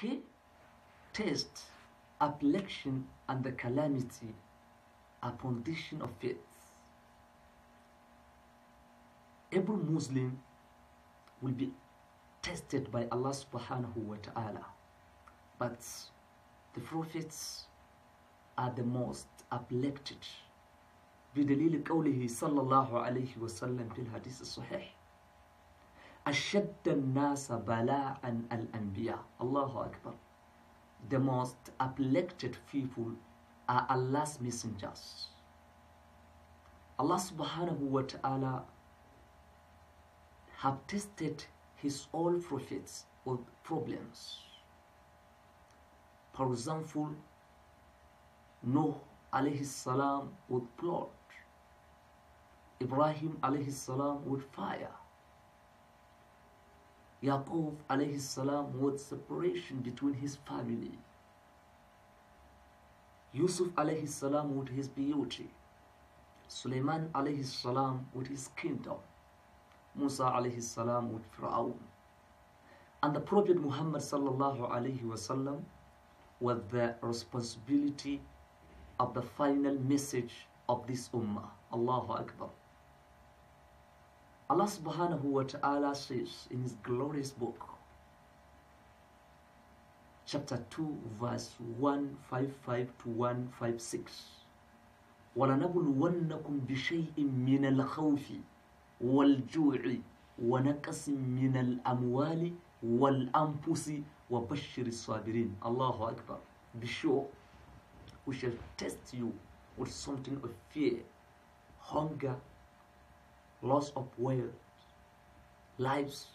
Turkey tastes affliction and the calamity a condition of faith. Every Muslim will be tested by Allah subhanahu wa ta'ala. But the prophets are the most afflicted. بدليل قوله صلى الله عليه وسلم في الحديث الصحيح أشد الناس بلاء الأنبياء الله أكبر The most afflicted people are Allah's messengers. Allah subhanahu wa ta'ala have tested his own prophets with problems. For example, Noah alayhi salam would plot, Ibrahim alayhi salam would fire, Yaakov, alayhi salam was separation between his family. Yusuf alayhi salam with his beauty. Suleiman alayhi salam with his kingdom. Musa alayhi salam with Fir'aun. And the Prophet Muhammad sallallahu alayhi wasallam was the responsibility of the final message of this ummah. Allahu Akbar. Allah subhanahu wa ta'ala says in his glorious book, chapter 2, verse 155 to 156. وَلَنَبْلُوَنَّكُمْ بِشَيْءٍ مِّنَ الْخَوْفِ وَالْجُوعِ وَنَقَصٍ مِّنَ الْأَمْوَالِ وَالْأَنْفُسِ وَبَشِّرِ الصَّابِرِينَ Allahu Akbar. Be sure we shall test you with something of fear, hunger, loss of wealth, lives,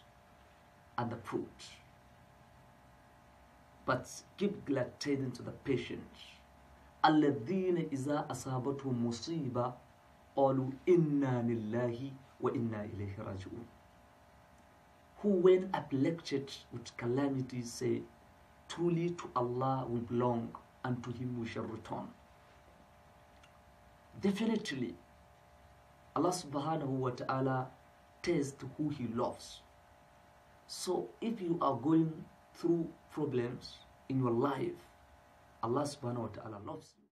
and the food. But keep glad to the patient. الذين إذا musiba alu inna nillahi wa inna إليه rajiun. Who when afflicted with calamity, say Truly to Allah we belong and to Him we shall return Definitely Allah subhanahu wa ta'ala tests who he loves. So if you are going through problems in your life, Allah subhanahu wa ta'ala loves you.